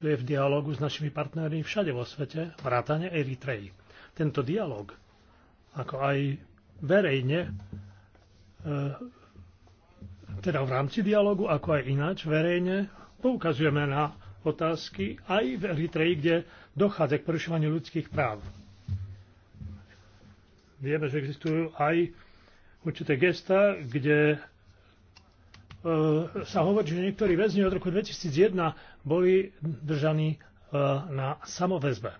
je v dialogu s našimi partnermi všade vo svete, vrátane Eritreji. Tento dialog, ako aj verejne, e, teda v rámci dialogu, ako aj ináč verejne, poukazujeme na otázky aj v Eritreji, kde dochádza k porušovaniu ľudských práv. Vieme, že existujú aj určité gesta, kde E, sa hovorí, že niektorí väzni od roku 2001 boli držaní e, na samovezbe.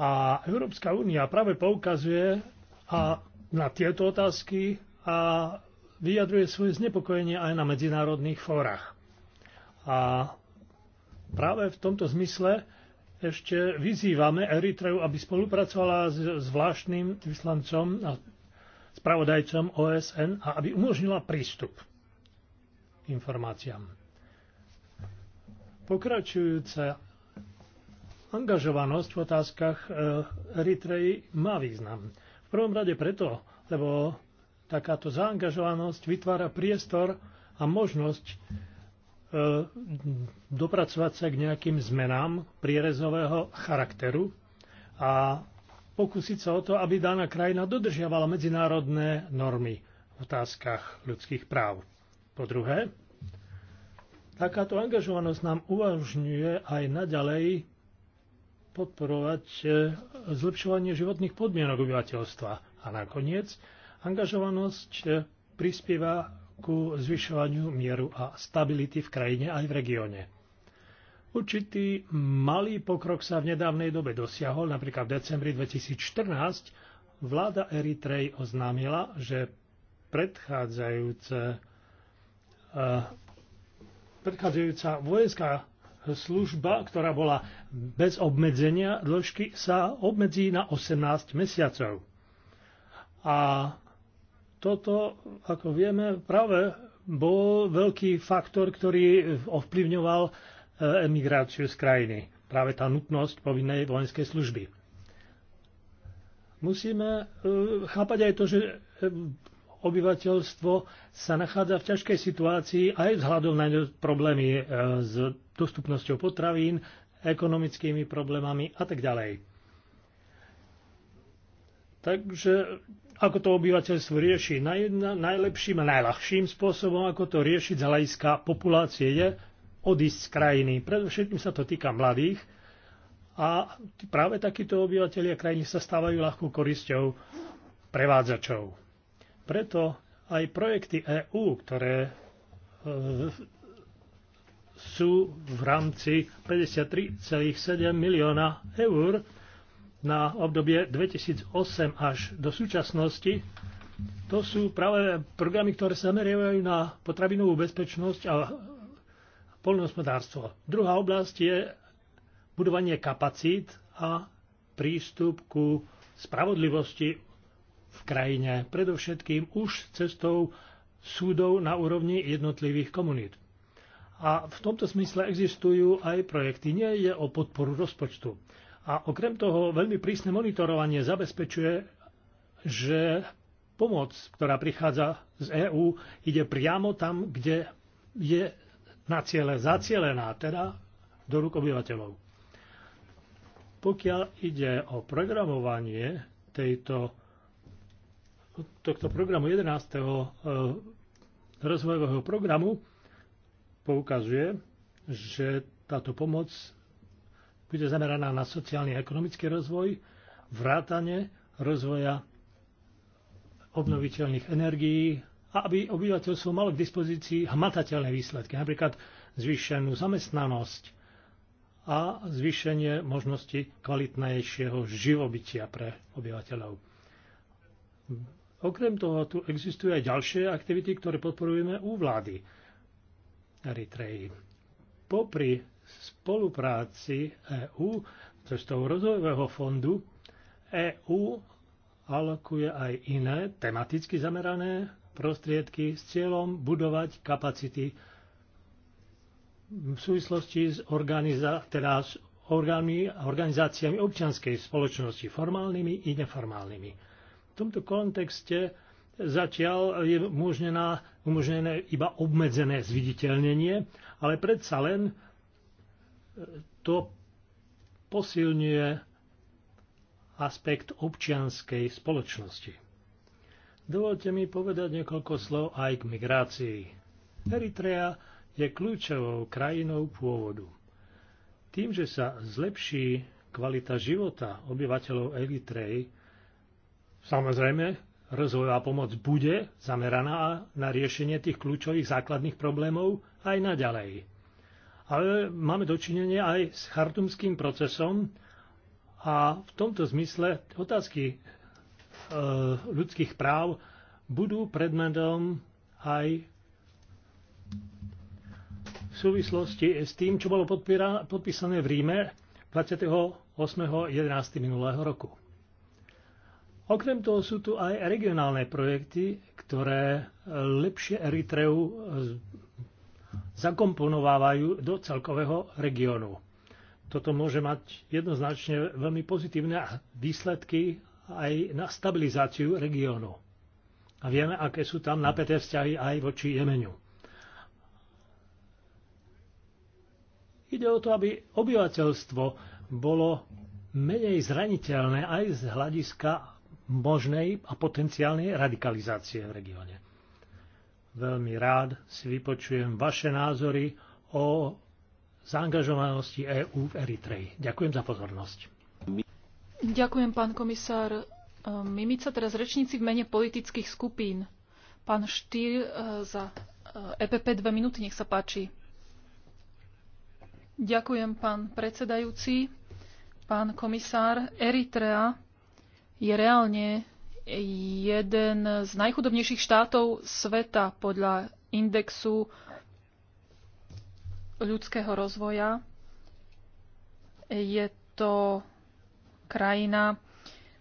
A Európska únia práve poukazuje a na tieto otázky a vyjadruje svoje znepokojenie aj na medzinárodných fórach. A práve v tomto zmysle ešte vyzývame Eritreu, aby spolupracovala s zvláštnym vyslancom a spravodajcom OSN a aby umožnila prístup informáciám. Pokračujúca angažovanosť v otázkach e, Eritreji má význam. V prvom rade preto, lebo takáto zaangažovanosť vytvára priestor a možnosť e, dopracovať sa k nejakým zmenám prierezového charakteru a pokúsiť sa o to, aby daná krajina dodržiavala medzinárodné normy v otázkach ľudských práv. Po druhé, takáto angažovanosť nám uvažňuje aj naďalej podporovať e, zlepšovanie životných podmienok obyvateľstva. A nakoniec, angažovanosť e, prispieva ku zvyšovaniu mieru a stability v krajine aj v regióne. Určitý malý pokrok sa v nedávnej dobe dosiahol, napríklad v decembri 2014 vláda Eritrej oznámila, že predchádzajúce E, predchádzajúca vojenská služba, ktorá bola bez obmedzenia dĺžky, sa obmedzí na 18 mesiacov. A toto, ako vieme, práve bol veľký faktor, ktorý ovplyvňoval e, emigráciu z krajiny. Práve tá nutnosť povinnej vojenskej služby. Musíme e, chápať aj to, že obyvateľstvo sa nachádza v ťažkej situácii aj vzhľadom na problémy e, s dostupnosťou potravín, ekonomickými problémami a tak ďalej. Takže ako to obyvateľstvo rieši najlepším a najľahším spôsobom, ako to riešiť z hľadiska populácie, je odísť z krajiny. Predovšetkým sa to týka mladých a práve takíto obyvateľia krajiny sa stávajú ľahkou korisťou prevádzačov. Preto aj projekty EÚ, ktoré e, sú v rámci 53,7 milióna eur na obdobie 2008 až do súčasnosti. To sú práve programy, ktoré sa meriavajú na potravinovú bezpečnosť a poľnohospodárstvo. Druhá oblasť je budovanie kapacít a prístup ku spravodlivosti v krajine, predovšetkým už cestou súdov na úrovni jednotlivých komunít. A v tomto smysle existujú aj projekty. Nie je o podporu rozpočtu. A okrem toho veľmi prísne monitorovanie zabezpečuje, že pomoc, ktorá prichádza z EÚ, ide priamo tam, kde je na ciele zacielená, teda do rúk obyvateľov. Pokiaľ ide o programovanie tejto tohto programu 11. Eh, rozvojového programu poukazuje, že táto pomoc bude zameraná na sociálny a ekonomický rozvoj, vrátanie rozvoja obnoviteľných energií a aby obyvateľstvo malo k dispozícii hmatateľné výsledky, napríklad zvýšenú zamestnanosť a zvýšenie možnosti kvalitnejšieho živobytia pre obyvateľov. Okrem toho tu existujú aj ďalšie aktivity, ktoré podporujeme u vlády Eritreji. Popri spolupráci EÚ toho rozvojového fondu EÚ alokuje aj iné tematicky zamerané prostriedky s cieľom budovať kapacity v súvislosti s, organiza- teda s organizáciami občianskej spoločnosti, formálnymi i neformálnymi tomto kontexte zatiaľ je umožnená, umožnené iba obmedzené zviditeľnenie, ale predsa len e, to posilňuje aspekt občianskej spoločnosti. Dovolte mi povedať niekoľko slov aj k migrácii. Eritrea je kľúčovou krajinou pôvodu. Tým, že sa zlepší kvalita života obyvateľov Eritreji, Samozrejme, rozvojová pomoc bude zameraná na riešenie tých kľúčových základných problémov aj naďalej. Ale máme dočinenie aj s chartumským procesom a v tomto zmysle otázky e, ľudských práv budú predmetom aj v súvislosti s tým, čo bolo podpísané v Ríme 28.11. minulého roku. Okrem toho sú tu aj regionálne projekty, ktoré lepšie Eritreu zakomponovávajú do celkového regiónu. Toto môže mať jednoznačne veľmi pozitívne výsledky aj na stabilizáciu regiónu. A vieme, aké sú tam napäté vzťahy aj voči Jemeniu. Ide o to, aby obyvateľstvo bolo menej zraniteľné aj z hľadiska možnej a potenciálnej radikalizácie v regióne. Veľmi rád si vypočujem vaše názory o zaangažovanosti EÚ v Eritreji. Ďakujem za pozornosť. Ďakujem, pán komisár ehm, Mimica. Teraz rečníci v mene politických skupín. Pán Štýr eh, za EPP eh, e 2 minúty, nech sa páči. Ďakujem, pán predsedajúci. Pán komisár, Eritrea je reálne jeden z najchudobnejších štátov sveta podľa indexu ľudského rozvoja. Je to krajina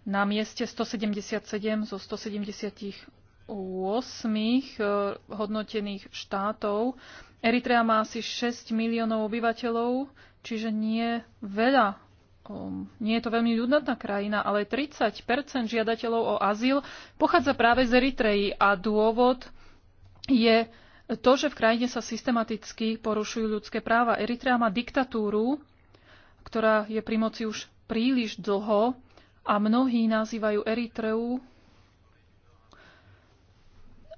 na mieste 177 zo 178 eh, hodnotených štátov. Eritrea má asi 6 miliónov obyvateľov, čiže nie veľa um, nie je to veľmi ľudnatná krajina, ale 30 žiadateľov o azyl pochádza práve z Eritreji a dôvod je to, že v krajine sa systematicky porušujú ľudské práva. Eritrea má diktatúru, ktorá je pri moci už príliš dlho a mnohí nazývajú Eritreu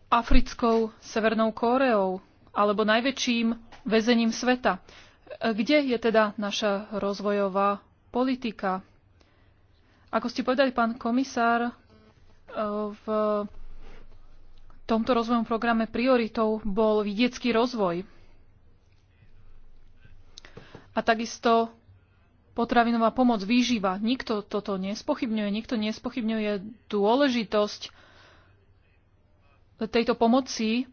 africkou Severnou Kóreou alebo najväčším väzením sveta. Kde je teda naša rozvojová politika. Ako ste povedali, pán komisár, e, v tomto rozvojom programe prioritou bol vidiecký rozvoj a takisto potravinová pomoc výživa. Nikto toto nespochybňuje, nikto nespochybňuje dôležitosť tejto pomoci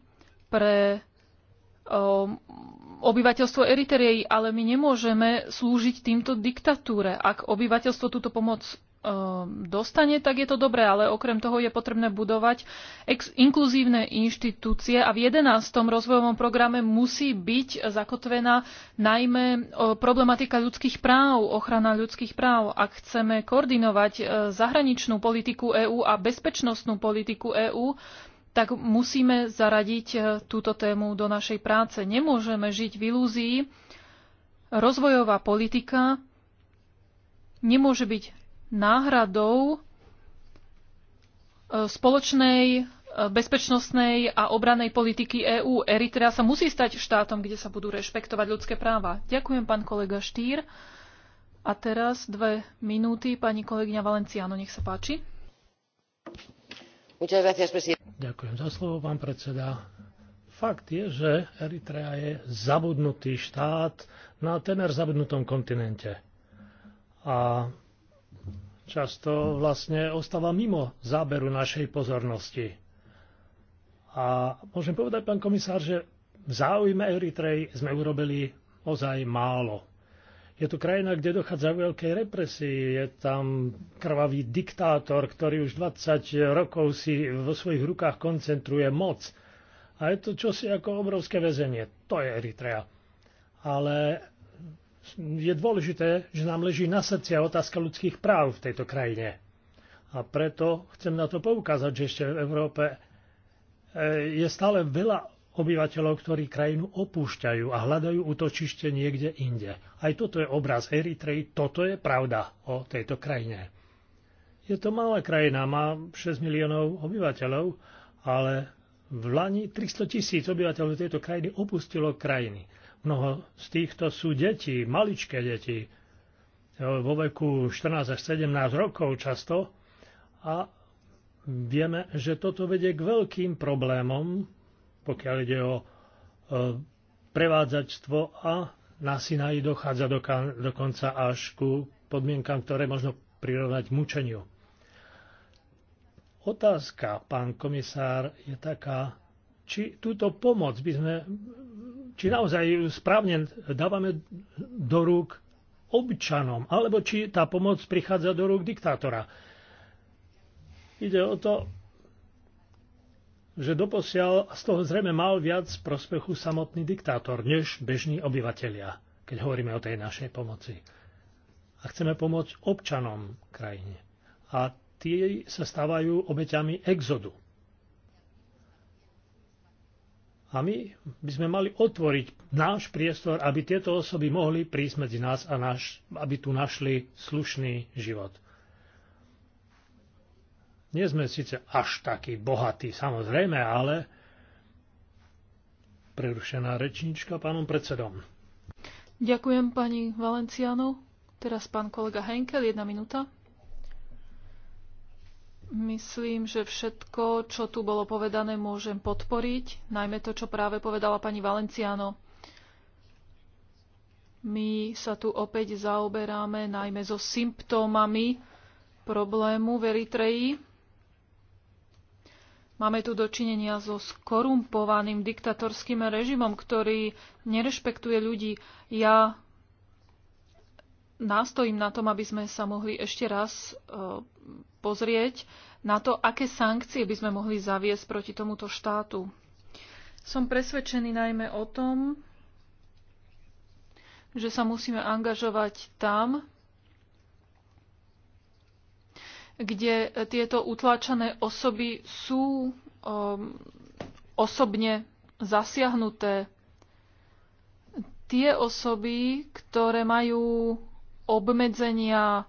pre e, obyvateľstvo Eritrei, ale my nemôžeme slúžiť týmto diktatúre. Ak obyvateľstvo túto pomoc e, dostane, tak je to dobré, ale okrem toho je potrebné budovať inkluzívne inštitúcie a v 11. rozvojovom programe musí byť zakotvená najmä e, problematika ľudských práv, ochrana ľudských práv. Ak chceme koordinovať e, zahraničnú politiku EÚ a bezpečnostnú politiku EÚ, tak musíme zaradiť e, túto tému do našej práce. Nemôžeme žiť v ilúzii. Rozvojová politika nemôže byť náhradou e, spoločnej e, bezpečnostnej a obranej politiky EÚ. Eritrea sa musí stať štátom, kde sa budú rešpektovať ľudské práva. Ďakujem, pán kolega Štýr. A teraz dve minúty, pani kolegyňa Valenciano, nech sa páči. Muchas gracias, Ďakujem za slovo, pán predseda. Fakt je, že Eritrea je zabudnutý štát na tener zabudnutom kontinente. A často vlastne ostáva mimo záberu našej pozornosti. A môžem povedať, pán komisár, že v záujme Eritrej sme urobili ozaj málo. Je to krajina, kde dochádza veľkej represii. Je tam krvavý diktátor, ktorý už 20 rokov si vo svojich rukách koncentruje moc. A je to čosi ako obrovské väzenie. To je Eritrea. Ale je dôležité, že nám leží na srdci a otázka ľudských práv v tejto krajine. A preto chcem na to poukázať, že ešte v Európe eh, je stále veľa obyvateľov, ktorí krajinu opúšťajú a hľadajú útočište niekde inde. Aj toto je obraz Eritrej, toto je pravda o tejto krajine. Je to malá krajina, má 6 miliónov obyvateľov, ale v Lani 300 tisíc obyvateľov tejto krajiny opustilo krajiny. Mnoho z týchto sú deti, maličké deti, e, vo veku 14 až 17 rokov často a vieme, že toto vedie k veľkým problémom pokiaľ ide o e, prevádzačstvo a na Sinaji dochádza do, dokonca až ku podmienkam, ktoré možno prirovnať mučeniu. Otázka, pán komisár, je taká, či túto pomoc by sme, či naozaj správne dávame do rúk občanom, alebo či tá pomoc prichádza do rúk diktátora. Ide o to, že doposiaľ z toho zrejme mal viac prospechu samotný diktátor, než bežní obyvatelia, keď hovoríme o tej našej pomoci. A chceme pomôcť občanom krajine. A tí sa stávajú obeťami exodu. A my by sme mali otvoriť náš priestor, aby tieto osoby mohli prísť medzi nás a naš, aby tu našli slušný život. Nie sme síce až takí bohatí, samozrejme, ale prerušená rečnička pánom predsedom. Ďakujem pani Valenciano. Teraz pán kolega Henkel, jedna minúta. Myslím, že všetko, čo tu bolo povedané, môžem podporiť, najmä to, čo práve povedala pani Valenciano. My sa tu opäť zaoberáme najmä so symptómami problému v Eritreji Máme tu dočinenia so skorumpovaným diktatorským režimom, ktorý nerešpektuje ľudí. Ja nástojím na tom, aby sme sa mohli ešte raz e, pozrieť na to, aké sankcie by sme mohli zaviesť proti tomuto štátu. Som presvedčený najmä o tom, že sa musíme angažovať tam, kde tieto utláčané osoby sú um, osobne zasiahnuté. Tie osoby, ktoré majú obmedzenia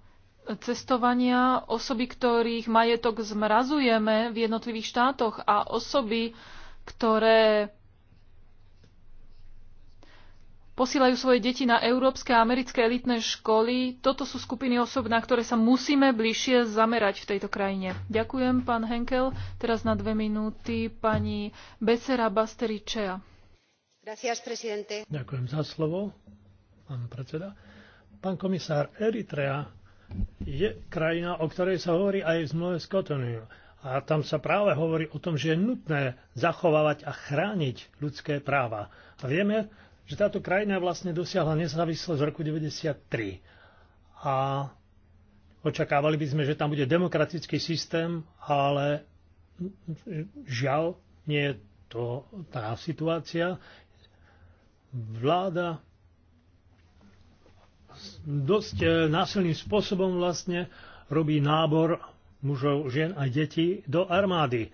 cestovania, osoby, ktorých majetok zmrazujeme v jednotlivých štátoch a osoby, ktoré posielajú svoje deti na európske a americké elitné školy. Toto sú skupiny osob, na ktoré sa musíme bližšie zamerať v tejto krajine. Ďakujem, pán Henkel. Teraz na dve minúty pani Becera Basteričea. Ďakujem za slovo, pán predseda. Pán komisár, Eritrea je krajina, o ktorej sa hovorí aj v zmluve s Kotonu. A tam sa práve hovorí o tom, že je nutné zachovávať a chrániť ľudské práva. A vieme, že táto krajina vlastne dosiahla nezávislosť v roku 1993. A očakávali by sme, že tam bude demokratický systém, ale žiaľ, nie je to tá situácia. Vláda dosť eh, násilným spôsobom vlastne robí nábor mužov, žien a detí do armády.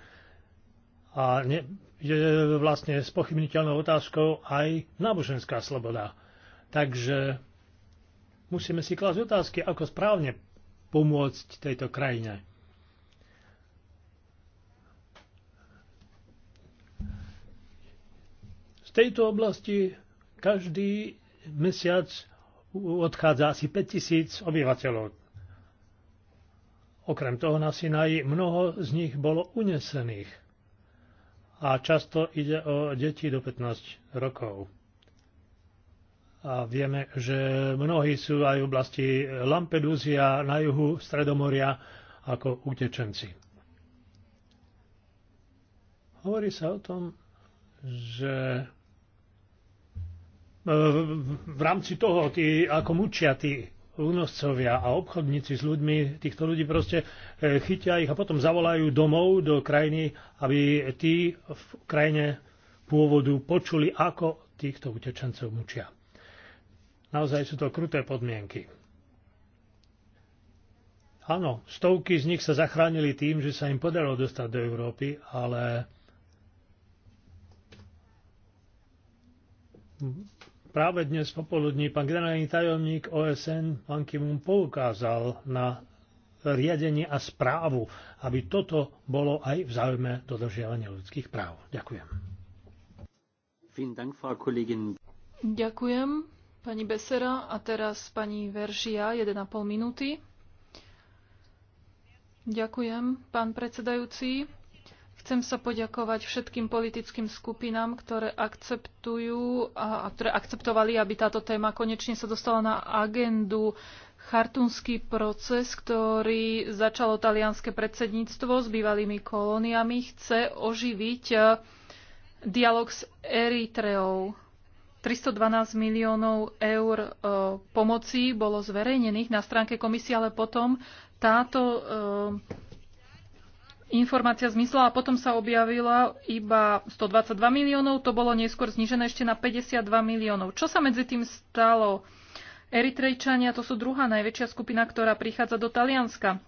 A ne, je vlastne spochybniteľnou otázkou aj náboženská sloboda. Takže musíme si klásť otázky, ako správne pomôcť tejto krajine. Z tejto oblasti každý mesiac odchádza asi 5000 obyvateľov. Okrem toho na Sinaji mnoho z nich bolo unesených a často ide o deti do 15 rokov. A vieme, že mnohí sú aj v oblasti Lampedúzia na juhu Stredomoria ako utečenci. Hovorí sa o tom, že e, v rámci toho, tí, ako mučia tí únoscovia a obchodníci s ľuďmi, týchto ľudí proste e, chytia ich a potom zavolajú domov do krajiny, aby tí v krajine pôvodu počuli, ako týchto utečencov mučia. Naozaj sú to kruté podmienky. Áno, stovky z nich sa zachránili tým, že sa im podarilo dostať do Európy, ale Práve dnes popoludní pán generálny tajomník OSN Ban Ki-moon poukázal na riadenie a správu, aby toto bolo aj v záujme dodržiavania ľudských práv. Ďakujem. Ďakujem, pani Besera. A teraz pani Veržia, 1,5 minúty. Ďakujem, pán predsedajúci. Chcem sa poďakovať všetkým politickým skupinám, ktoré akceptujú a, ktoré akceptovali, aby táto téma konečne sa dostala na agendu. Chartúnsky proces, ktorý začalo talianské predsedníctvo s bývalými kolóniami, chce oživiť e, dialog s Eritreou. 312 miliónov eur e, pomoci bolo zverejnených na stránke komisie, ale potom táto e, informácia zmizla a potom sa objavila iba 122 miliónov, to bolo neskôr znižené ešte na 52 miliónov. Čo sa medzi tým stalo? Eritrejčania to sú druhá najväčšia skupina, ktorá prichádza do Talianska.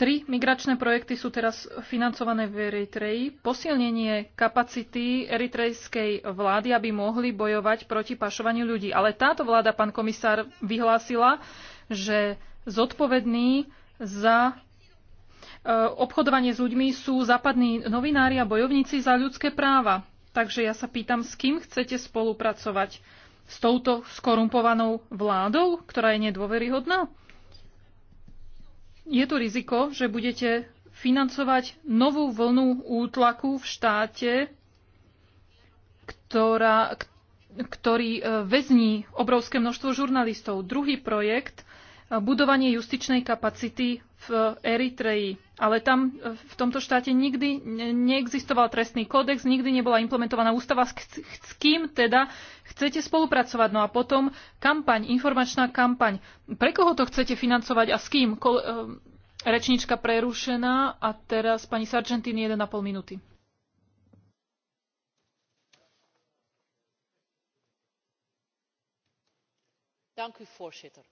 Tri migračné projekty sú teraz financované v Eritreji. Posilnenie kapacity eritrejskej vlády, aby mohli bojovať proti pašovaniu ľudí. Ale táto vláda, pán komisár, vyhlásila, že zodpovední za e, obchodovanie s ľuďmi sú západní novinári a bojovníci za ľudské práva. Takže ja sa pýtam, s kým chcete spolupracovať? S touto skorumpovanou vládou, ktorá je nedôveryhodná? Je tu riziko, že budete financovať novú vlnu útlaku v štáte, ktorá, ktorý e, väzní obrovské množstvo žurnalistov. Druhý projekt budovanie justičnej kapacity v Eritreji. Ale tam e, v tomto štáte nikdy neexistoval trestný kódex, nikdy nebola implementovaná ústava, s kým teda chcete spolupracovať. No a potom kampaň, informačná kampaň. Pre koho to chcete financovať a s kým? Ko- e, rečnička prerušená a teraz pani Sargentini 1,5 minúty. Dank u voorzitter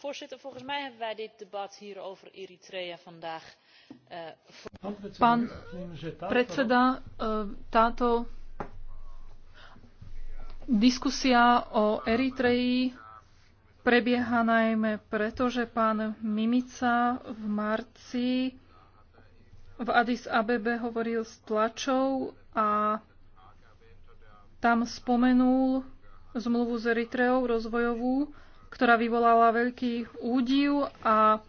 voorzitter volgens mij hebben wij dit debat hier over eritrea vandaag eh, Pán predseda, táto eh, diskusia o Eritreji prebieha najmä že pán Mimica v marci v Addis hovoril s tlačou a tam spomenul zmluvu s Eritreou rozvojovú ktorá vyvolala veľký údiv a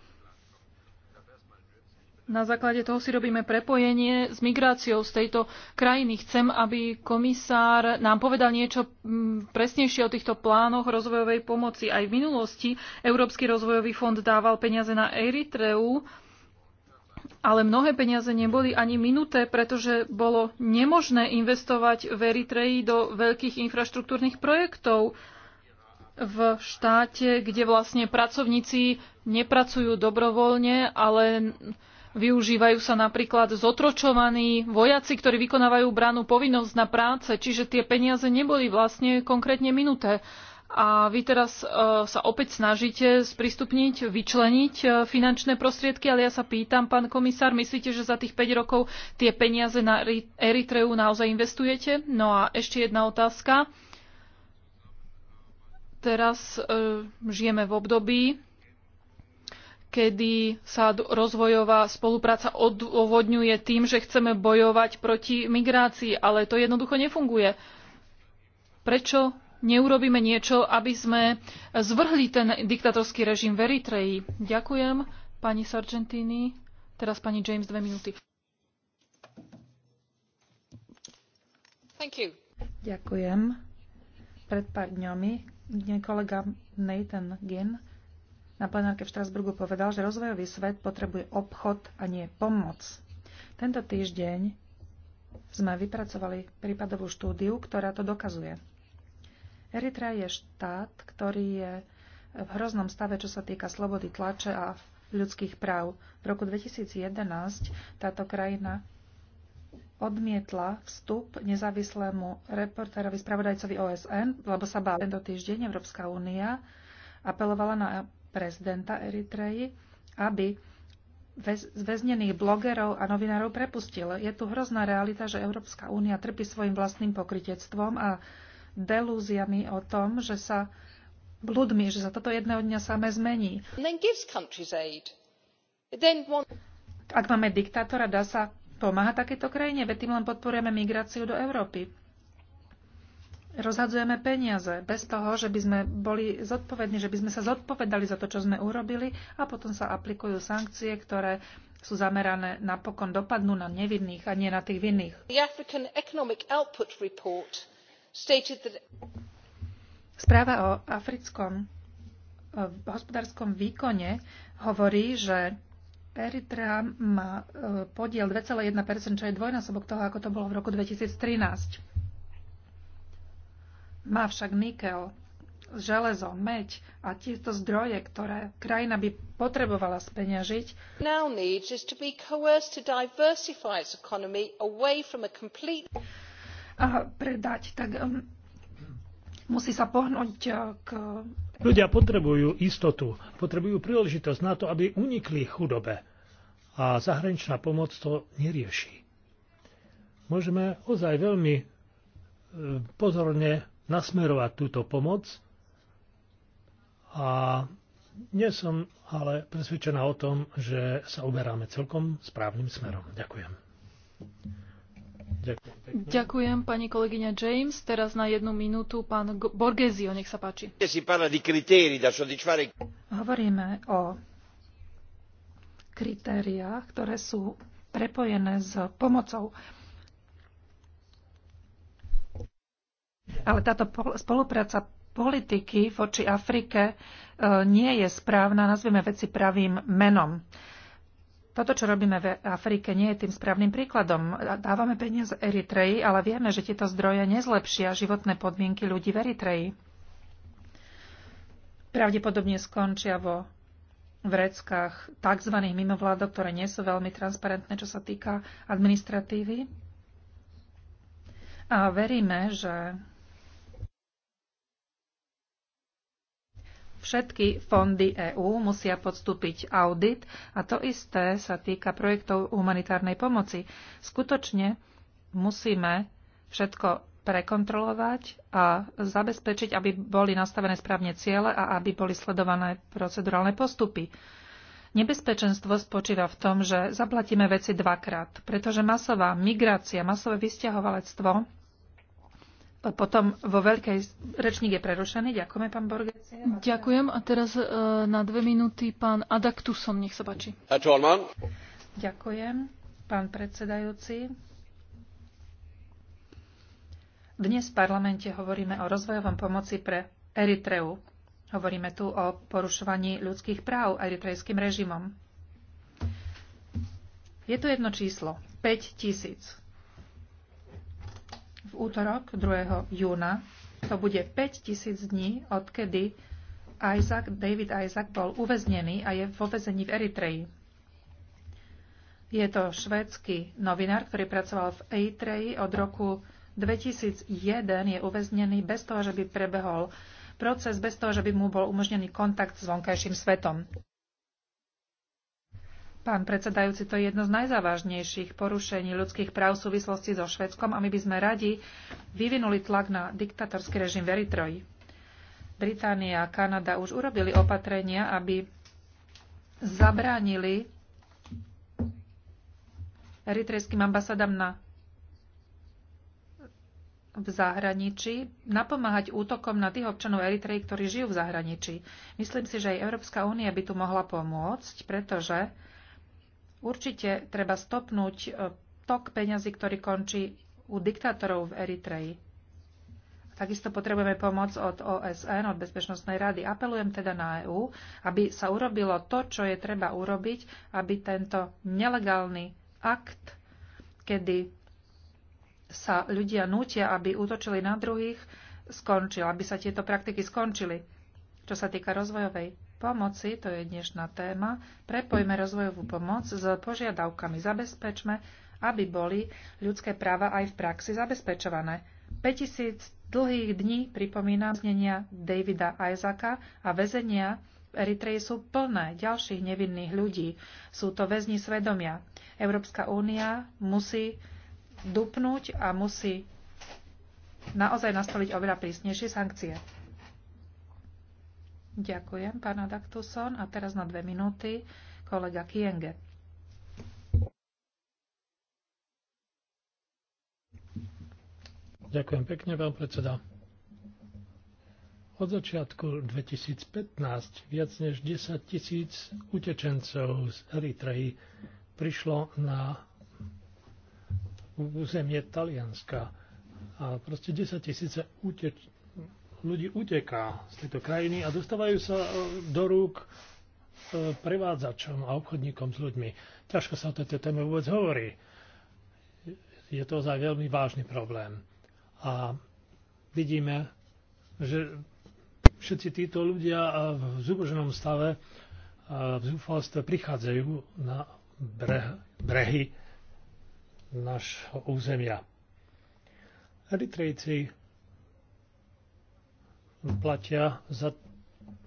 na základe toho si robíme prepojenie s migráciou z tejto krajiny. Chcem, aby komisár nám povedal niečo mm, presnejšie o týchto plánoch rozvojovej pomoci. Aj v minulosti Európsky rozvojový fond dával peniaze na Eritreu, ale mnohé peniaze neboli ani minuté, pretože bolo nemožné investovať v Eritreji do veľkých infraštruktúrnych projektov v štáte, kde vlastne pracovníci nepracujú dobrovoľne, ale využívajú sa napríklad zotročovaní vojaci, ktorí vykonávajú bránu povinnosť na práce, čiže tie peniaze neboli vlastne konkrétne minuté. A vy teraz uh, sa opäť snažíte sprístupniť, vyčleniť uh, finančné prostriedky, ale ja sa pýtam, pán komisár, myslíte, že za tých 5 rokov tie peniaze na Eritreu naozaj investujete? No a ešte jedna otázka. Uh, Teraz e, žijeme v období, kedy sa rozvojová spolupráca odôvodňuje tým, že chceme bojovať proti migrácii, ale to jednoducho nefunguje. Prečo neurobíme niečo, aby sme zvrhli ten diktatorský režim v Eritreji? Ďakujem, pani Sargentini. Teraz pani James, dve minúty. Ďakujem. Pred pár dňami kolega Nathan Ginn na plenárke v Štrasburgu povedal, že rozvojový svet potrebuje obchod a nie pomoc. Tento týždeň sme vypracovali prípadovú štúdiu, ktorá to dokazuje. Eritrea je štát, ktorý je v hroznom stave, čo sa týka slobody tlače a ľudských práv. V roku 2011 táto krajina odmietla vstup nezávislému reportérovi spravodajcovi OSN, lebo sa bála Tento týždeň Európska únia apelovala na prezidenta Eritreji, aby zväznených blogerov a novinárov prepustil. Je tu hrozná realita, že Európska únia trpí svojim vlastným pokritectvom a delúziami o tom, že sa bludmi, že sa toto jedného dňa samé zmení. Ak máme diktátora, dá sa pomáha takéto krajine? Veď tým len podporujeme migráciu do Európy. Rozhadzujeme peniaze bez toho, že by sme boli zodpovední, že by sme sa zodpovedali za to, čo sme urobili a potom sa aplikujú sankcie, ktoré sú zamerané napokon dopadnú na nevinných a nie na tých vinných. Správa o africkom hospodárskom výkone hovorí, že Eritrea má e, podiel 2,1%, čo je dvojnásobok toho, ako to bolo v roku 2013. Má však nikel, železo, meď a tieto zdroje, ktoré krajina by potrebovala speňažiť. A predať, tak um, musí sa pohnúť e, k Ľudia potrebujú istotu, potrebujú príležitosť na to, aby unikli chudobe. A zahraničná pomoc to nerieši. Môžeme ozaj veľmi e, pozorne nasmerovať túto pomoc a nie som ale presvedčená o tom, že sa uberáme celkom správnym smerom. Ďakujem. Ďakujem, pekne. Ďakujem pani kolegyňa James. Teraz na jednu minútu pán Borgesio, nech sa páči. Hovoríme o kritériách, ktoré sú prepojené s pomocou. Ale táto spolupráca politiky voči Afrike e, nie je správna, nazveme veci pravým menom. Toto, čo robíme v Afrike, nie je tým správnym príkladom. Dávame peniaze Eritreji, ale vieme, že tieto zdroje nezlepšia životné podmienky ľudí v Eritreji. Pravdepodobne skončia vo vreckách tzv. mimovládok, ktoré nie sú veľmi transparentné, čo sa týka administratívy. A veríme, že Všetky fondy EÚ musia podstúpiť audit a to isté sa týka projektov humanitárnej pomoci. Skutočne musíme všetko prekontrolovať a zabezpečiť, aby boli nastavené správne ciele a aby boli sledované procedurálne postupy. Nebezpečenstvo spočíva v tom, že zaplatíme veci dvakrát, pretože masová migrácia, masové vysťahovalectvo potom vo veľkej... Rečník je prerušený. Ďakujeme, pán Borgeci. Ďakujem. A teraz e, na dve minúty pán Adaktusom, Nech sa páči. Ďakujem, pán predsedajúci. Dnes v parlamente hovoríme o rozvojovom pomoci pre Eritreu. Hovoríme tu o porušovaní ľudských práv eritrejským režimom. Je to jedno číslo. 5 tisíc v útorok 2. júna. To bude 5000 dní, odkedy Isaac, David Isaac bol uväznený a je vo väzení v Eritreji. Je to švédsky novinár, ktorý pracoval v Eritreji od roku 2001, je uväznený bez toho, že by prebehol proces, bez toho, že by mu bol umožnený kontakt s vonkajším svetom. Pán predsedajúci, to je jedno z najzávažnejších porušení ľudských práv v súvislosti so Švedskom a my by sme radi vyvinuli tlak na diktatorský režim v Eritreji. Británia a Kanada už urobili opatrenia, aby zabránili eritrejským ambasadám na v zahraničí napomáhať útokom na tých občanov Eritreji, ktorí žijú v zahraničí. Myslím si, že aj Európska únia by tu mohla pomôcť, pretože Určite treba stopnúť e, tok peňazí, ktorý končí u diktátorov v Eritreji. Takisto potrebujeme pomoc od OSN, od Bezpečnostnej rady. Apelujem teda na EÚ, aby sa urobilo to, čo je treba urobiť, aby tento nelegálny akt, kedy sa ľudia nútia, aby útočili na druhých, skončil, aby sa tieto praktiky skončili, čo sa týka rozvojovej pomoci, to je dnešná téma, prepojme rozvojovú pomoc s požiadavkami, zabezpečme, aby boli ľudské práva aj v praxi zabezpečované. 5000 dlhých dní, pripomínam, znenia Davida Isaaca a väzenia v Eritreji sú plné ďalších nevinných ľudí. Sú to väzni svedomia. Európska únia musí dupnúť a musí naozaj nastoliť oveľa prísnejšie sankcie. Ďakujem, pána Daktuson. A teraz na dve minúty kolega Kienge. Ďakujem pekne, pán predseda. Od začiatku 2015 viac než 10 tisíc utečencov z Eritreji prišlo na územie Talianska. A proste 10 tisíce ľudí uteká z tejto krajiny a dostávajú sa e, do rúk e, prevádzačom a obchodníkom s ľuďmi. Ťažko sa o tejto téme vôbec hovorí. Je to za veľmi vážny problém. A vidíme, že všetci títo ľudia e, v zúboženom stave a v zúfalstve prichádzajú na brehy nášho územia. Eritrejci platia za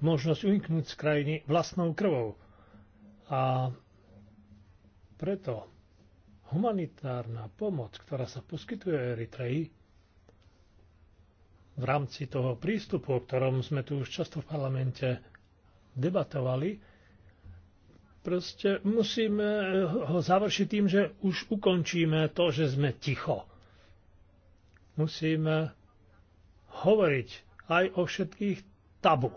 možnosť uniknúť z krajiny vlastnou krvou. A preto humanitárna pomoc, ktorá sa poskytuje Eritreji v rámci toho prístupu, o ktorom sme tu už často v parlamente debatovali, proste musíme ho završiť tým, že už ukončíme to, že sme ticho. Musíme hovoriť aj o všetkých tabu.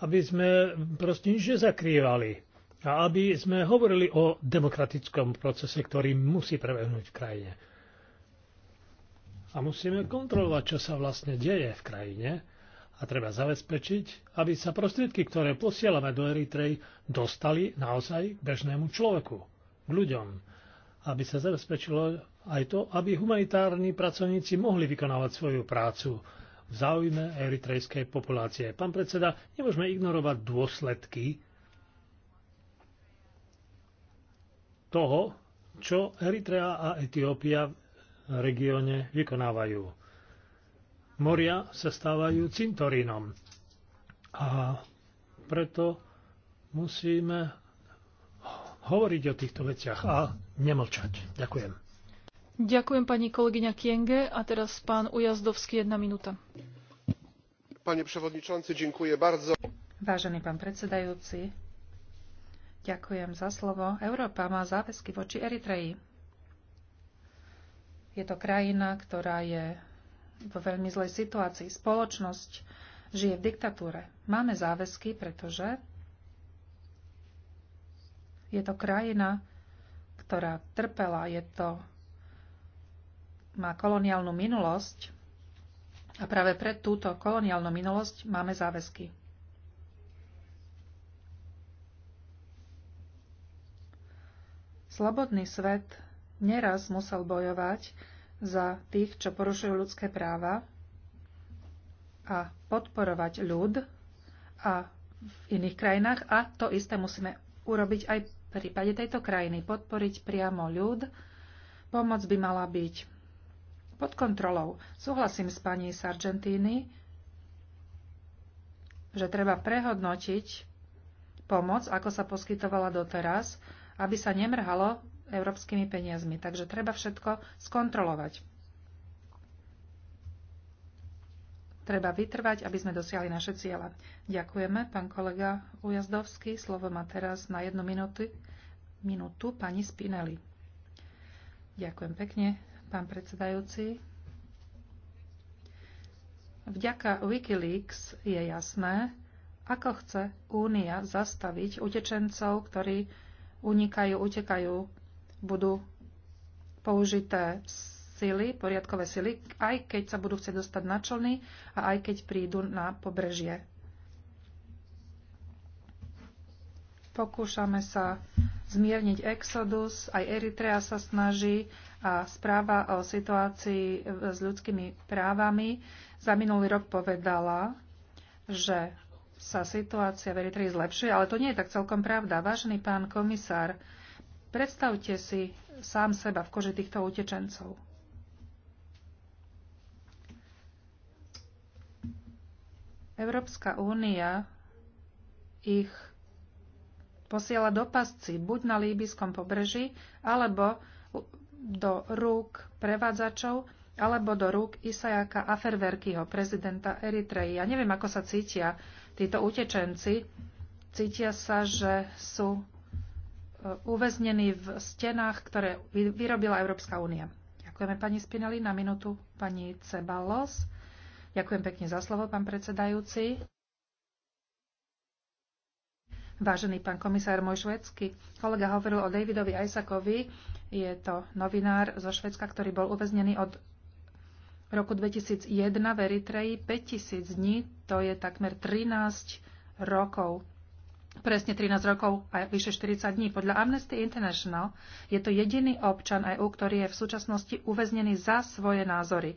Aby sme proste nič nezakrývali a aby sme hovorili o demokratickom procese, ktorý musí prebehnúť v krajine. A musíme kontrolovať, čo sa vlastne deje v krajine a treba zabezpečiť, aby sa prostriedky, ktoré posielame do Eritrej, dostali naozaj k bežnému človeku, k ľuďom. Aby sa zabezpečilo aj to, aby humanitárni pracovníci mohli vykonávať svoju prácu v záujme eritrejskej populácie. Pán predseda, nemôžeme ignorovať dôsledky toho, čo Eritrea a Etiópia v regióne vykonávajú. Moria sa stávajú cintorínom a preto musíme hovoriť o týchto veciach a nemlčať. Ďakujem. Ďakujem pani kolegyňa Kienge a teraz pán Ujazdovský, jedna minúta. Panie przewodniczący, dziękuję bardzo. Vážený pán predsedajúci, ďakujem za slovo. Európa má záväzky voči Eritreji. Je to krajina, ktorá je vo veľmi zlej situácii. Spoločnosť žije v diktatúre. Máme záväzky, pretože je to krajina, ktorá trpela. Je to má koloniálnu minulosť a práve pre túto koloniálnu minulosť máme záväzky. Slobodný svet neraz musel bojovať za tých, čo porušujú ľudské práva a podporovať ľud a v iných krajinách a to isté musíme urobiť aj v prípade tejto krajiny. Podporiť priamo ľud. Pomoc by mala byť pod kontrolou. Súhlasím s pani Sargentini, že treba prehodnotiť pomoc, ako sa poskytovala doteraz, aby sa nemrhalo európskymi peniazmi. Takže treba všetko skontrolovať. Treba vytrvať, aby sme dosiahli naše ciele. Ďakujeme, pán kolega Ujazdovský. Slovo má teraz na jednu minútu, minútu pani Spinelli. Ďakujem pekne, pán predsedajúci. Vďaka Wikileaks je jasné, ako chce Únia zastaviť utečencov, ktorí unikajú, utekajú, budú použité sily, poriadkové sily, aj keď sa budú chcieť dostať na člny a aj keď prídu na pobrežie. Pokúšame sa zmierniť exodus, aj Eritrea sa snaží a správa o situácii s ľudskými právami za minulý rok povedala, že sa situácia v Eritrei zlepšuje, ale to nie je tak celkom pravda. Vážený pán komisár, predstavte si sám seba v koži týchto utečencov. Európska únia ich posiela do pasci buď na líbyskom pobreží, alebo do rúk prevádzačov alebo do rúk Isajaka Aferverkyho, prezidenta Eritreji. Ja neviem, ako sa cítia títo utečenci. Cítia sa, že sú e, uväznení v stenách, ktoré vyrobila Európska únia. Ďakujeme pani Spinelli na minútu pani Cebalos. Ďakujem pekne za slovo, pán predsedajúci. Vážený pán komisár, môj švedský kolega hovoril o Davidovi Isakovi. Je to novinár zo Švedska, ktorý bol uväznený od roku 2001 v Eritreji. 5000 dní, to je takmer 13 rokov. Presne 13 rokov a vyše 40 dní. Podľa Amnesty International je to jediný občan EU, ktorý je v súčasnosti uväznený za svoje názory.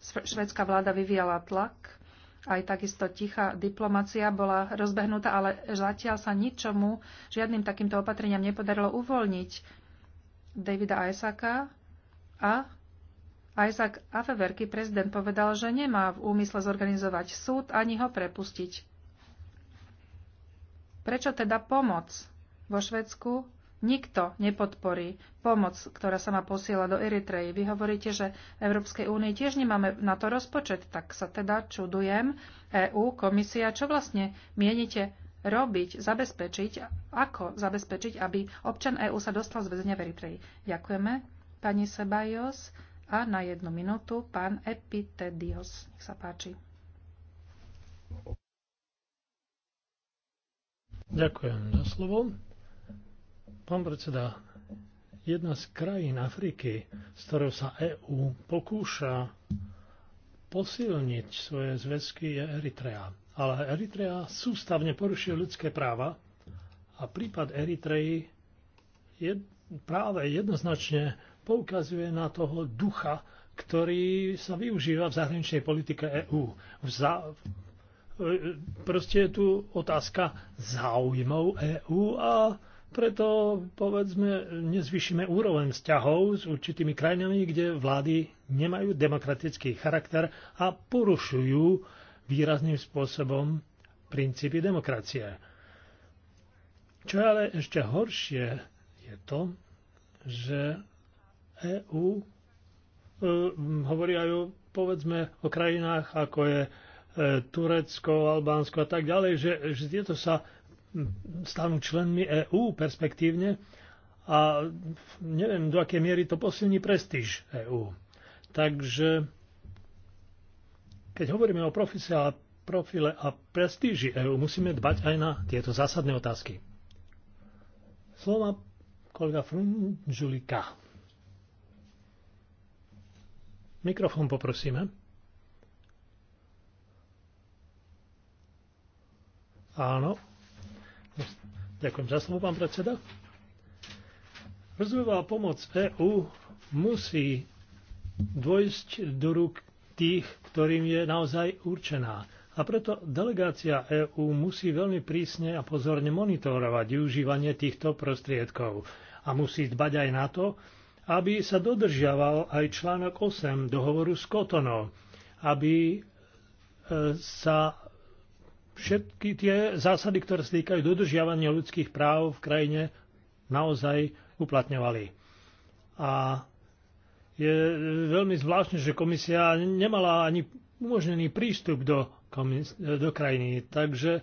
Švedská vláda vyvíjala tlak aj takisto tichá diplomacia bola rozbehnutá, ale zatiaľ sa ničomu, žiadnym takýmto opatreniam nepodarilo uvoľniť Davida Isaaca a Isaac Afeverky, prezident, povedal, že nemá v úmysle zorganizovať súd ani ho prepustiť. Prečo teda pomoc vo Švedsku Nikto nepodporí pomoc, ktorá sa má posiela do Eritreji. Vy hovoríte, že Európskej únie tiež nemáme na to rozpočet, tak sa teda čudujem. EÚ, komisia, čo vlastne mienite robiť, zabezpečiť, ako zabezpečiť, aby občan EÚ sa dostal z väzenia v Eritreji. Ďakujeme, pani Sebajos. A na jednu minútu pán Epitedios. Nech sa páči. Ďakujem za slovo. Pán predseda, jedna z krajín Afriky, s ktorou sa EÚ pokúša posilniť svoje zväzky, je Eritrea. Ale Eritrea sústavne porušuje ľudské práva a prípad Eritreji je práve jednoznačne poukazuje na toho ducha, ktorý sa využíva v zahraničnej politike EÚ. Za... E, proste je tu otázka záujmov EÚ a preto, povedzme, nezvyšíme úroveň vzťahov s určitými krajinami, kde vlády nemajú demokratický charakter a porušujú výrazným spôsobom princípy demokracie. Čo je ale ešte horšie, je to, že EU e, hovorí aj o, povedzme, o krajinách, ako je e, Turecko, Albánsko a tak ďalej, že, že tieto sa stanú členmi EÚ perspektívne a neviem, do akej miery to posilní prestíž EÚ. Takže keď hovoríme o profile a prestíži EÚ, musíme dbať aj na tieto zásadné otázky. Slova kolega Frunžulika. Mikrofón poprosíme. Áno, Ďakujem za slovo, pán predseda. Rozvojová pomoc EÚ musí dôjsť do rúk tých, ktorým je naozaj určená. A preto delegácia EÚ musí veľmi prísne a pozorne monitorovať využívanie týchto prostriedkov a musí dbať aj na to, aby sa dodržiaval aj článok 8 dohovoru s Kotonou, aby e, sa všetky tie zásady, ktoré sa týkajú dodržiavania ľudských práv v krajine, naozaj uplatňovali. A je veľmi zvláštne, že komisia nemala ani umožnený prístup do, do krajiny. Takže e,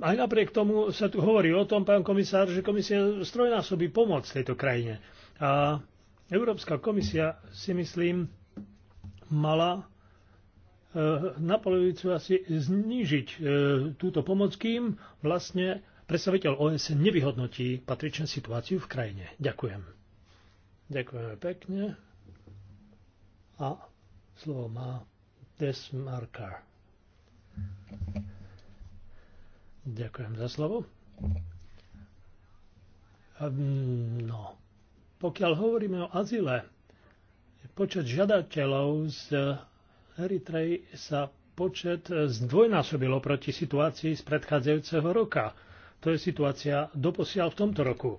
aj napriek tomu sa tu hovorí o tom, pán komisár, že komisia strojnásobí pomoc tejto krajine. A Európska komisia, si myslím, mala Eh, na polovicu asi znížiť eh, túto pomoc, kým vlastne predstaviteľ OSN nevyhodnotí patričnú situáciu v krajine. Ďakujem. Ďakujeme pekne. A slovo má Desmarka. Ďakujem za slovo. Ehm, no, pokiaľ hovoríme o azile, počet žiadateľov z Eritrej sa počet zdvojnásobil oproti situácii z predchádzajúceho roka. To je situácia doposiaľ v tomto roku.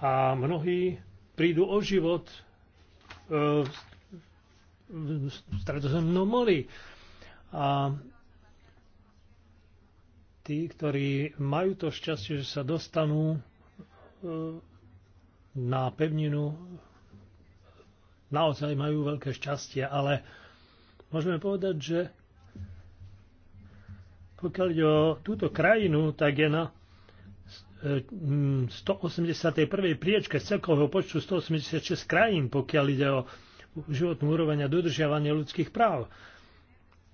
A mnohí prídu o život e, v stredozemnom mori. A tí, ktorí majú to šťastie, že sa dostanú e, na pevninu, naozaj majú veľké šťastie, ale môžeme povedať, že pokiaľ ide o túto krajinu, tak je na 181. E, priečke z celkového počtu 186 krajín, pokiaľ ide o životnú úroveň a dodržiavanie ľudských práv.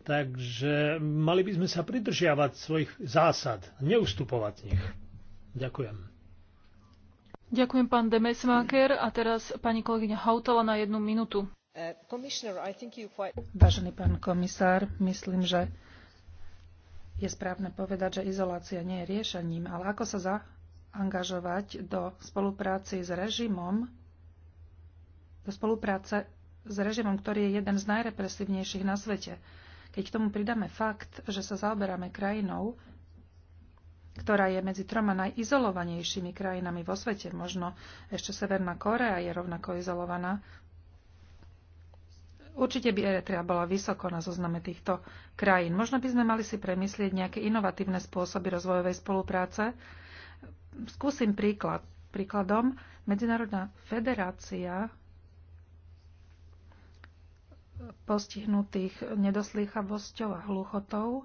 Takže mali by sme sa pridržiavať svojich zásad, neustupovať z nich. Ďakujem. Ďakujem, pán Demesmaker. A teraz pani kolegyňa Hautala na jednu minútu. Uh, Vážený pán komisár, myslím, že je správne povedať, že izolácia nie je riešením, ale ako sa zaangažovať do spolupráci s režimom, do spolupráce s režimom, ktorý je jeden z najrepresívnejších na svete. Keď k tomu pridáme fakt, že sa zaoberáme krajinou, ktorá je medzi troma najizolovanejšími krajinami vo svete, možno ešte Severná Korea je rovnako izolovaná, Určite by Eritrea bola vysoko na zozname týchto krajín. Možno by sme mali si premyslieť nejaké inovatívne spôsoby rozvojovej spolupráce. Skúsim príklad. Príkladom Medzinárodná federácia postihnutých nedoslýchavosťou a hluchotou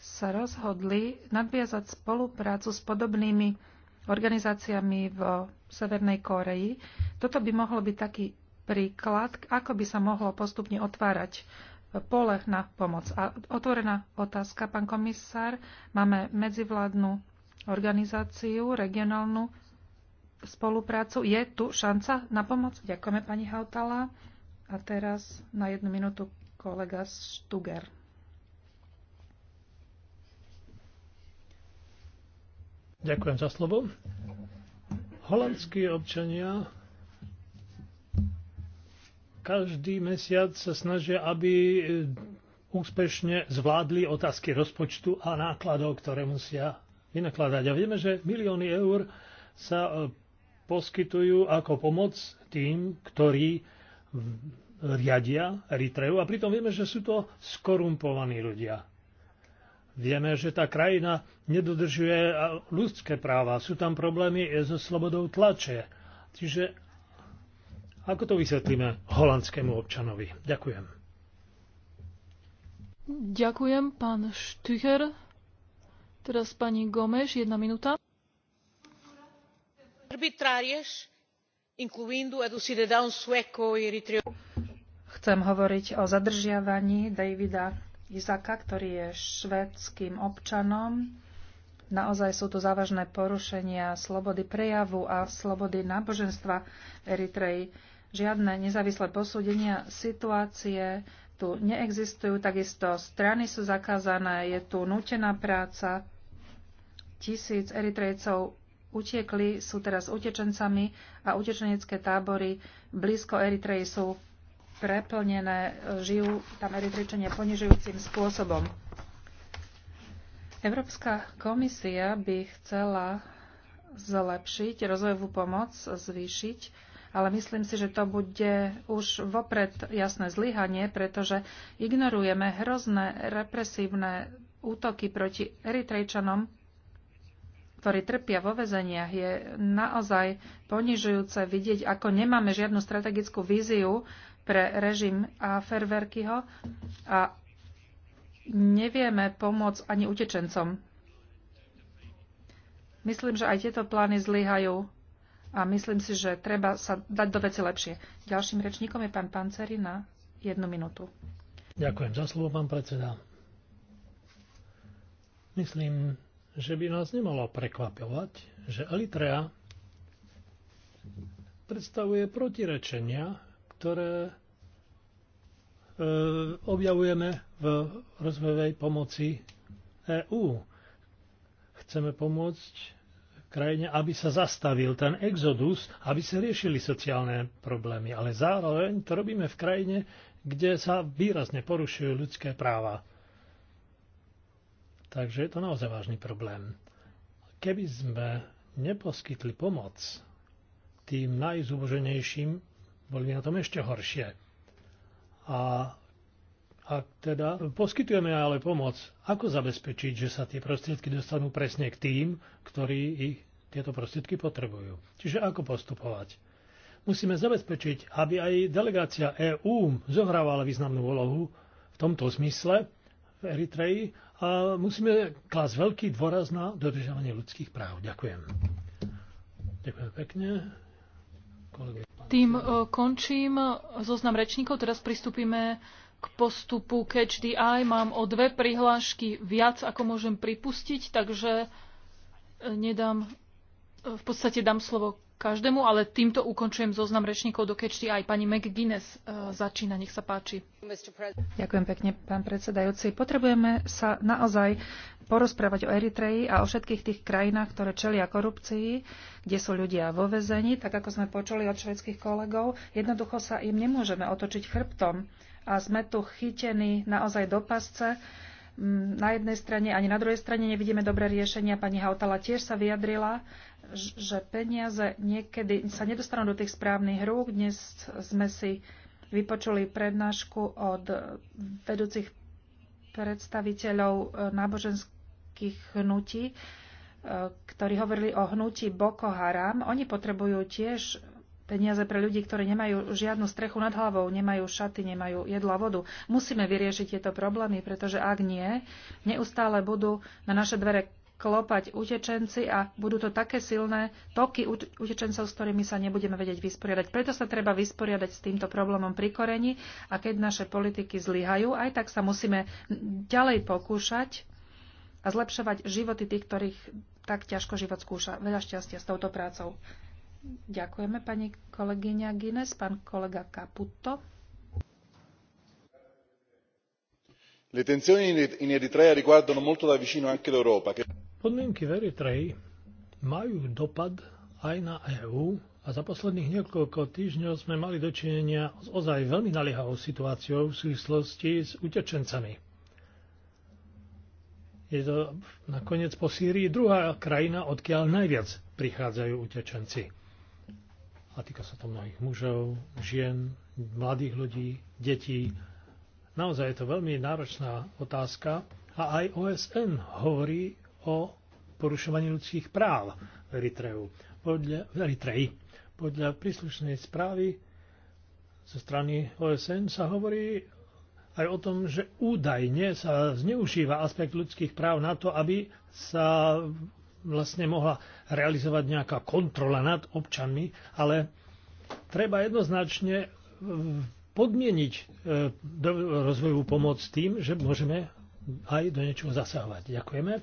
sa rozhodli nadviazať spoluprácu s podobnými organizáciami v Severnej Koreji. Toto by mohol byť taký príklad, ako by sa mohlo postupne otvárať pole na pomoc. A otvorená otázka, pán komisár, máme medzivládnu organizáciu, regionálnu spoluprácu. Je tu šanca na pomoc? Ďakujeme, pani Hautala. A teraz na jednu minútu kolega Stuger. Ďakujem za slovo. Holandskí občania každý mesiac sa snažia, aby e, úspešne zvládli otázky rozpočtu a nákladov, ktoré musia vynakladať. A vieme, že milióny eur sa e, poskytujú ako pomoc tým, ktorí riadia Eritreu a pritom vieme, že sú to skorumpovaní ľudia. Vieme, že tá krajina nedodržuje e, ľudské práva, sú tam problémy so slobodou tlače. Čiže ako to vysvetlíme holandskému občanovi? Ďakujem. Ďakujem, pán Štücher. Teraz pani Gomeš, jedna minúta. Chcem hovoriť o zadržiavaní Davida Izaka, ktorý je švédským občanom. Naozaj sú to závažné porušenia slobody prejavu a slobody náboženstva Eritreji žiadne nezávislé posúdenia situácie tu neexistujú, takisto strany sú zakázané, je tu nutená práca. Tisíc Eritrejcov utiekli, sú teraz utečencami a utečenecké tábory blízko Eritreji sú preplnené, e, žijú tam Eritrejčania ponižujúcim spôsobom. Európska komisia by chcela zlepšiť rozvojovú pomoc, zvýšiť ale myslím si, že to bude už vopred jasné zlyhanie, pretože ignorujeme hrozné represívne útoky proti Eritrejčanom, ktorí trpia vo vezeniach. Je naozaj ponižujúce vidieť, ako nemáme žiadnu strategickú víziu pre režim a Ferverkyho a nevieme pomôcť ani utečencom. Myslím, že aj tieto plány zlyhajú a myslím si, že treba sa dať do veci lepšie. Ďalším rečníkom je pán Panceri na jednu minútu. Ďakujem za slovo, pán predseda. Myslím, že by nás nemalo prekvapovať, že Elitrea predstavuje protirečenia, ktoré e, objavujeme v rozvojovej pomoci EÚ. Chceme pomôcť krajine, aby sa zastavil ten exodus, aby sa riešili sociálne problémy. Ale zároveň to robíme v krajine, kde sa výrazne porušujú ľudské práva. Takže je to naozaj vážny problém. Keby sme neposkytli pomoc tým najzúboženejším, boli by na tom ešte horšie. A ak teda poskytujeme ale pomoc, ako zabezpečiť, že sa tie prostriedky dostanú presne k tým, ktorí ich tieto prostriedky potrebujú? Čiže ako postupovať? Musíme zabezpečiť, aby aj delegácia EÚ zohrávala významnú úlohu v tomto zmysle v Eritreji a musíme klásť veľký dôraz na dodržovanie ľudských práv. Ďakujem. Ďakujem pekne. Kolegy, Tým e, končím e, zoznam rečníkov. Teraz pristúpime k postupu Catch the Eye. Mám o dve prihlášky viac, ako môžem pripustiť, takže e, nedám, e, v podstate dám slovo každému, ale týmto ukončujem zoznam rečníkov do Catch the Eye. Pani McGuinness e, začína, nech sa páči. Ďakujem pekne, pán predsedajúci. Potrebujeme sa naozaj porozprávať o Eritreji a o všetkých tých krajinách, ktoré čelia korupcii, kde sú ľudia vo vezení, tak ako sme počuli od švedských kolegov. Jednoducho sa im nemôžeme otočiť chrbtom a sme tu chytení naozaj do pasce. Mm, na jednej strane ani na druhej strane nevidíme dobré riešenia. Pani Hautala tiež sa vyjadrila, že peniaze niekedy sa nedostanú do tých správnych rúk. Dnes sme si vypočuli prednášku od vedúcich predstaviteľov e, náboženských hnutí, e, ktorí hovorili o hnutí Boko Haram. Oni potrebujú tiež peniaze pre ľudí, ktorí nemajú žiadnu strechu nad hlavou, nemajú šaty, nemajú jedla, vodu. Musíme vyriešiť tieto problémy, pretože ak nie, neustále budú na naše dvere klopať utečenci a budú to také silné toky utečencov, s ktorými sa nebudeme vedieť vysporiadať. Preto sa treba vysporiadať s týmto problémom pri koreni a keď naše politiky zlyhajú, aj tak sa musíme ďalej pokúšať a zlepšovať životy tých, ktorých tak ťažko život skúša. Veľa šťastia s touto prácou. Ďakujeme pani kolegyňa Gines, pán kolega Caputo. Le tensioni in Eritrea riguardano molto da vicino anche l'Europa. Che... Podmienky v Eritreji majú dopad aj na EÚ a za posledných niekoľko týždňov sme mali dočinenia s ozaj veľmi naliehavou situáciou v súvislosti s utečencami. Je to nakoniec po Sýrii druhá krajina, odkiaľ najviac prichádzajú utečenci a týka sa to mnohých mužov, žien, mladých ľudí, detí. Naozaj je to veľmi náročná otázka a aj OSN hovorí o porušovaní ľudských práv v Eritreju. Podľa, v Eritreji. Podľa príslušnej správy zo strany OSN sa hovorí aj o tom, že údajne sa zneužíva aspekt ľudských práv na to, aby sa vlastne mohla realizovať nejaká kontrola nad občanmi, ale treba jednoznačne e, podmieniť e, rozvojovú pomoc tým, že môžeme aj do niečoho zasahovať. Ďakujeme.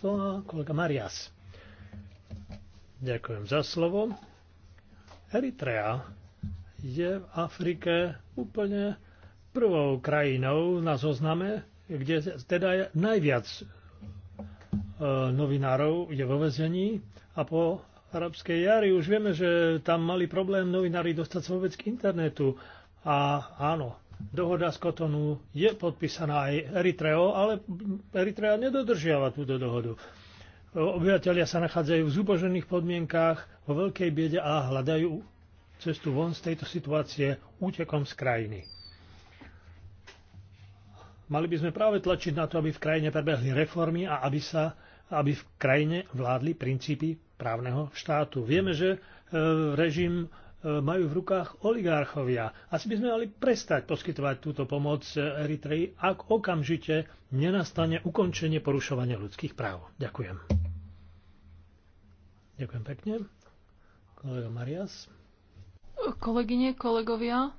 Slovo kolega Marias. Ďakujem za slovo. Eritrea je v Afrike úplne prvou krajinou na zozname, kde teda je najviac E, novinárov je vo vezení a po arabskej jari už vieme, že tam mali problém novinári dostať sa vôbec k internetu. A áno, dohoda z Kotonu je podpísaná aj Eritreou, ale Eritrea nedodržiava túto dohodu. E, obyvatelia sa nachádzajú v zúbožených podmienkách, vo veľkej biede a hľadajú cestu von z tejto situácie útekom z krajiny. Mali by sme práve tlačiť na to, aby v krajine prebehli reformy a aby sa aby v krajine vládli princípy právneho štátu. Vieme, že e, režim e, majú v rukách oligarchovia. Asi by sme mali prestať poskytovať túto pomoc Eritreji, ak okamžite nenastane ukončenie porušovania ľudských práv. Ďakujem. Ďakujem pekne. Kolega Marias. Kolegyne, kolegovia,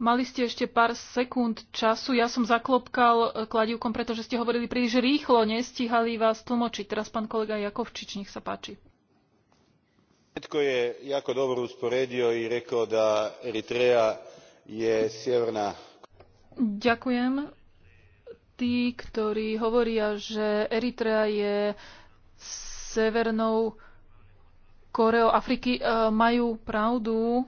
Mali ste ešte pár sekúnd času. Ja som zaklopkal eh, kladivkom, pretože ste hovorili príliš rýchlo, nestihali vás tlmočiť. Teraz pán kolega Jakovčič, nech sa páči. Všetko je ako dobrú sporedio i rekao da Eritrea je sieverná. Ďakujem. Tí, ktorí hovoria, že Eritrea je severnou Koreou Afriky, eh, majú pravdu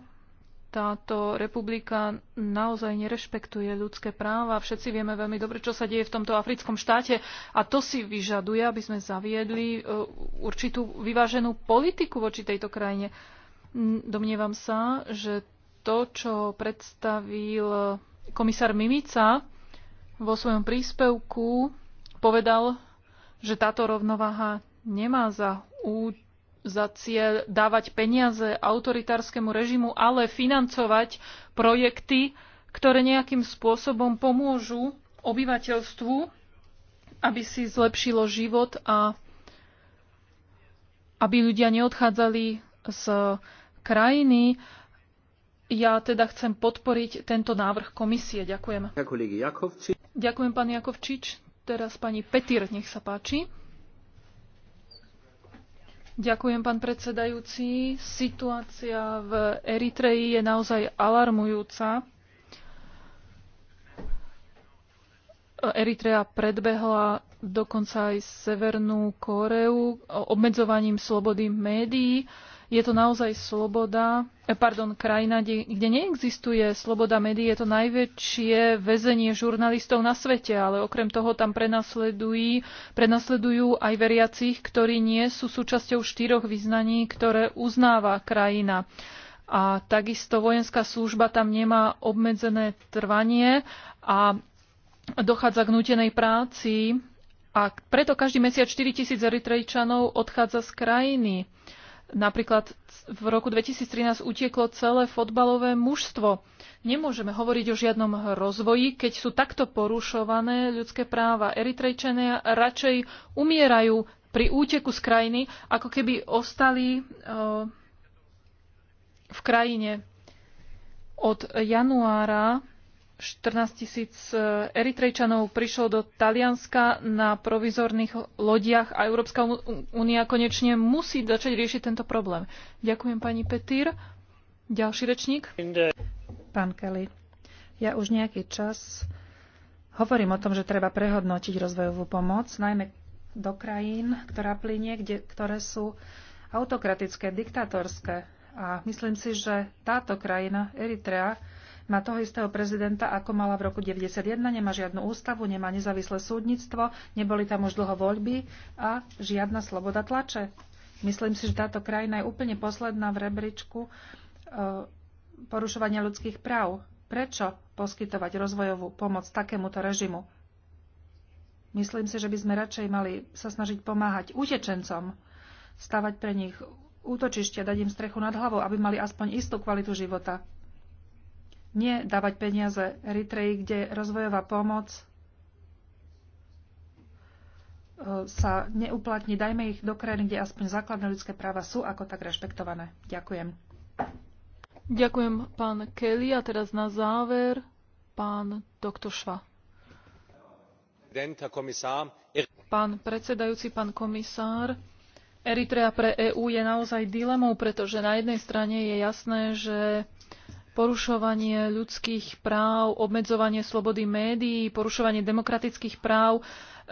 táto republika naozaj nerešpektuje ľudské práva. Všetci vieme veľmi dobre, čo sa deje v tomto africkom štáte a to si vyžaduje, aby sme zaviedli e, určitú vyváženú politiku voči tejto krajine. Domnievam sa, že to, čo predstavil komisár Mimica vo svojom príspevku, povedal, že táto rovnováha nemá za, ú, za cieľ dávať peniaze autoritárskemu režimu, ale financovať projekty, ktoré nejakým spôsobom pomôžu obyvateľstvu, aby si zlepšilo život a aby ľudia neodchádzali z krajiny. Ja teda chcem podporiť tento návrh komisie. Ďakujem. Ďakujem, pán Jakovčič. Teraz pani Petir, nech sa páči. Ďakujem, pán predsedajúci. Situácia v Eritreji je naozaj alarmujúca. Eritrea predbehla dokonca aj Severnú Koreu obmedzovaním slobody médií. Je to naozaj sloboda, eh, pardon, krajina, kde, neexistuje sloboda médií. Je to najväčšie väzenie žurnalistov na svete, ale okrem toho tam prenasledujú, prenasledujú aj veriacich, ktorí nie sú súčasťou štyroch vyznaní, ktoré uznáva krajina. A takisto vojenská služba tam nemá obmedzené trvanie a dochádza k nutenej práci a preto každý mesiac 4 tisíc Eritrejčanov odchádza z krajiny. Napríklad v roku 2013 utieklo celé fotbalové mužstvo. Nemôžeme hovoriť o žiadnom rozvoji, keď sú takto porušované ľudské práva. Eritrejčania radšej umierajú pri úteku z krajiny, ako keby ostali e, v krajine. Od januára 14 tisíc e, Eritrejčanov prišlo do Talianska na provizorných lodiach a Európska únia konečne musí začať riešiť tento problém. Ďakujem pani Petýr. Ďalší rečník. Pán Kelly, ja už nejaký čas hovorím o tom, že treba prehodnotiť rozvojovú pomoc, najmä do krajín, ktorá plinie, kde, ktoré sú autokratické, diktatorské. A myslím si, že táto krajina, Eritrea, má toho istého prezidenta, ako mala v roku 1991, nemá žiadnu ústavu, nemá nezávislé súdnictvo, neboli tam už dlho voľby a žiadna sloboda tlače. Myslím si, že táto krajina je úplne posledná v rebríčku e, porušovania ľudských práv. Prečo poskytovať rozvojovú pomoc takémuto režimu? Myslím si, že by sme radšej mali sa snažiť pomáhať utečencom, stavať pre nich útočište, dať im strechu nad hlavou, aby mali aspoň istú kvalitu života nie dávať peniaze Eritreji, kde rozvojová pomoc e, sa neuplatní. Dajme ich do krajiny, kde aspoň základné ľudské práva sú ako tak rešpektované. Ďakujem. Ďakujem, pán Kelly. A teraz na záver pán doktor Šva. Er- pán predsedajúci, pán komisár, Eritrea pre EÚ je naozaj dilemou, pretože na jednej strane je jasné, že porušovanie ľudských práv, obmedzovanie slobody médií, porušovanie demokratických práv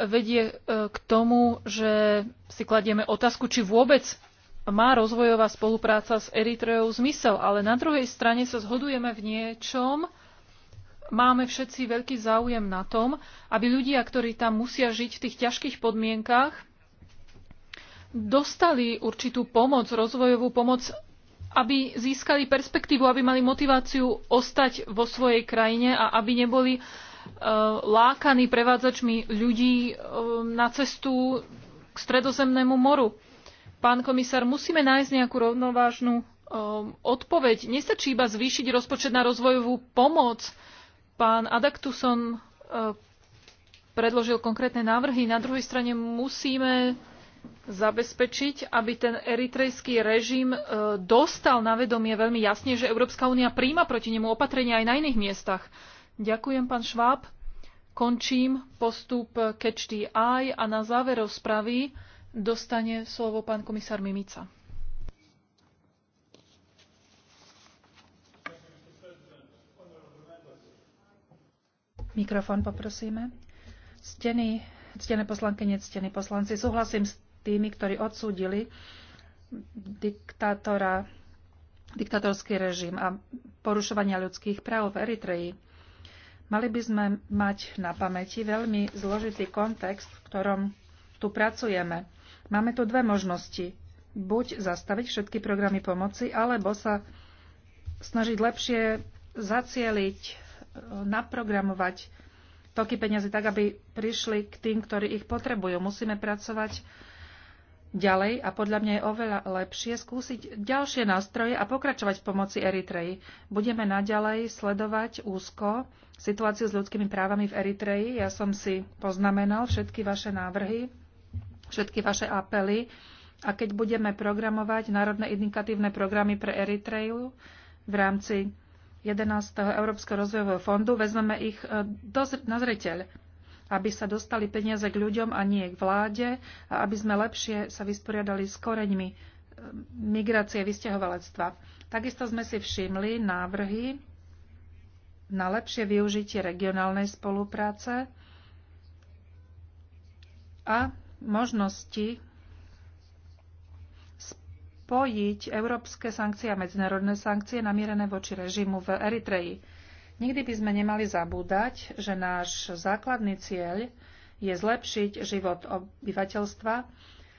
vedie e, k tomu, že si kladieme otázku, či vôbec má rozvojová spolupráca s Eritreou zmysel. Ale na druhej strane sa zhodujeme v niečom, máme všetci veľký záujem na tom, aby ľudia, ktorí tam musia žiť v tých ťažkých podmienkách, dostali určitú pomoc, rozvojovú pomoc aby získali perspektívu, aby mali motiváciu ostať vo svojej krajine a aby neboli uh, lákaní prevádzačmi ľudí uh, na cestu k stredozemnému moru. Pán komisár, musíme nájsť nejakú rovnovážnu um, odpoveď. Nestačí iba zvýšiť rozpočet na rozvojovú pomoc. Pán Adaktuson uh, predložil konkrétne návrhy. Na druhej strane musíme zabezpečiť, aby ten eritrejský režim e, dostal na vedomie veľmi jasne, že Európska únia príjma proti nemu opatrenia aj na iných miestach. Ďakujem, pán Šváb. Končím postup Catch the Eye a na záver rozpravy dostane slovo pán komisár Mimica. Mikrofón poprosíme. Ctený, ctené poslankyne, ctení poslanci, súhlasím s tými, ktorí odsúdili diktátora, diktátorský režim a porušovania ľudských práv v Eritreji. Mali by sme mať na pamäti veľmi zložitý kontext, v ktorom tu pracujeme. Máme tu dve možnosti. Buď zastaviť všetky programy pomoci, alebo sa snažiť lepšie zacieliť, e, naprogramovať toky peniazy tak, aby prišli k tým, ktorí ich potrebujú. Musíme pracovať ďalej a podľa mňa je oveľa lepšie skúsiť ďalšie nástroje a pokračovať v pomoci Eritreji. Budeme naďalej sledovať úzko situáciu s ľudskými právami v Eritreji. Ja som si poznamenal všetky vaše návrhy, všetky vaše apely a keď budeme programovať národné indikatívne programy pre Eritreju v rámci 11. Európskeho rozvojového fondu, vezmeme ich eh, na zreteľ aby sa dostali peniaze k ľuďom a nie k vláde a aby sme lepšie sa vysporiadali s koreňmi eh, migrácie vysťahovalectva. Takisto sme si všimli návrhy na lepšie využitie regionálnej spolupráce a možnosti spojiť európske sankcie a medzinárodné sankcie namierené voči režimu v Eritreji. Nikdy by sme nemali zabúdať, že náš základný cieľ je zlepšiť život obyvateľstva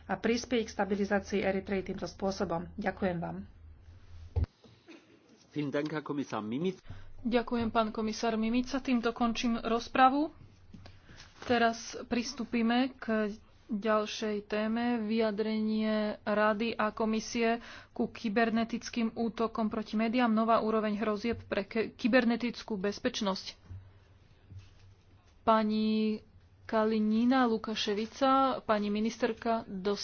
a prispieť k stabilizácii Eritreji týmto spôsobom. Ďakujem vám. Ďakujem, pán komisár Mimica. Týmto končím rozpravu. Teraz pristúpime k ďalšej téme vyjadrenie Rady a komisie ku kybernetickým útokom proti médiám. Nová úroveň hrozieb pre kybernetickú bezpečnosť. Pani Kalinina Lukaševica, pani ministerka, dos-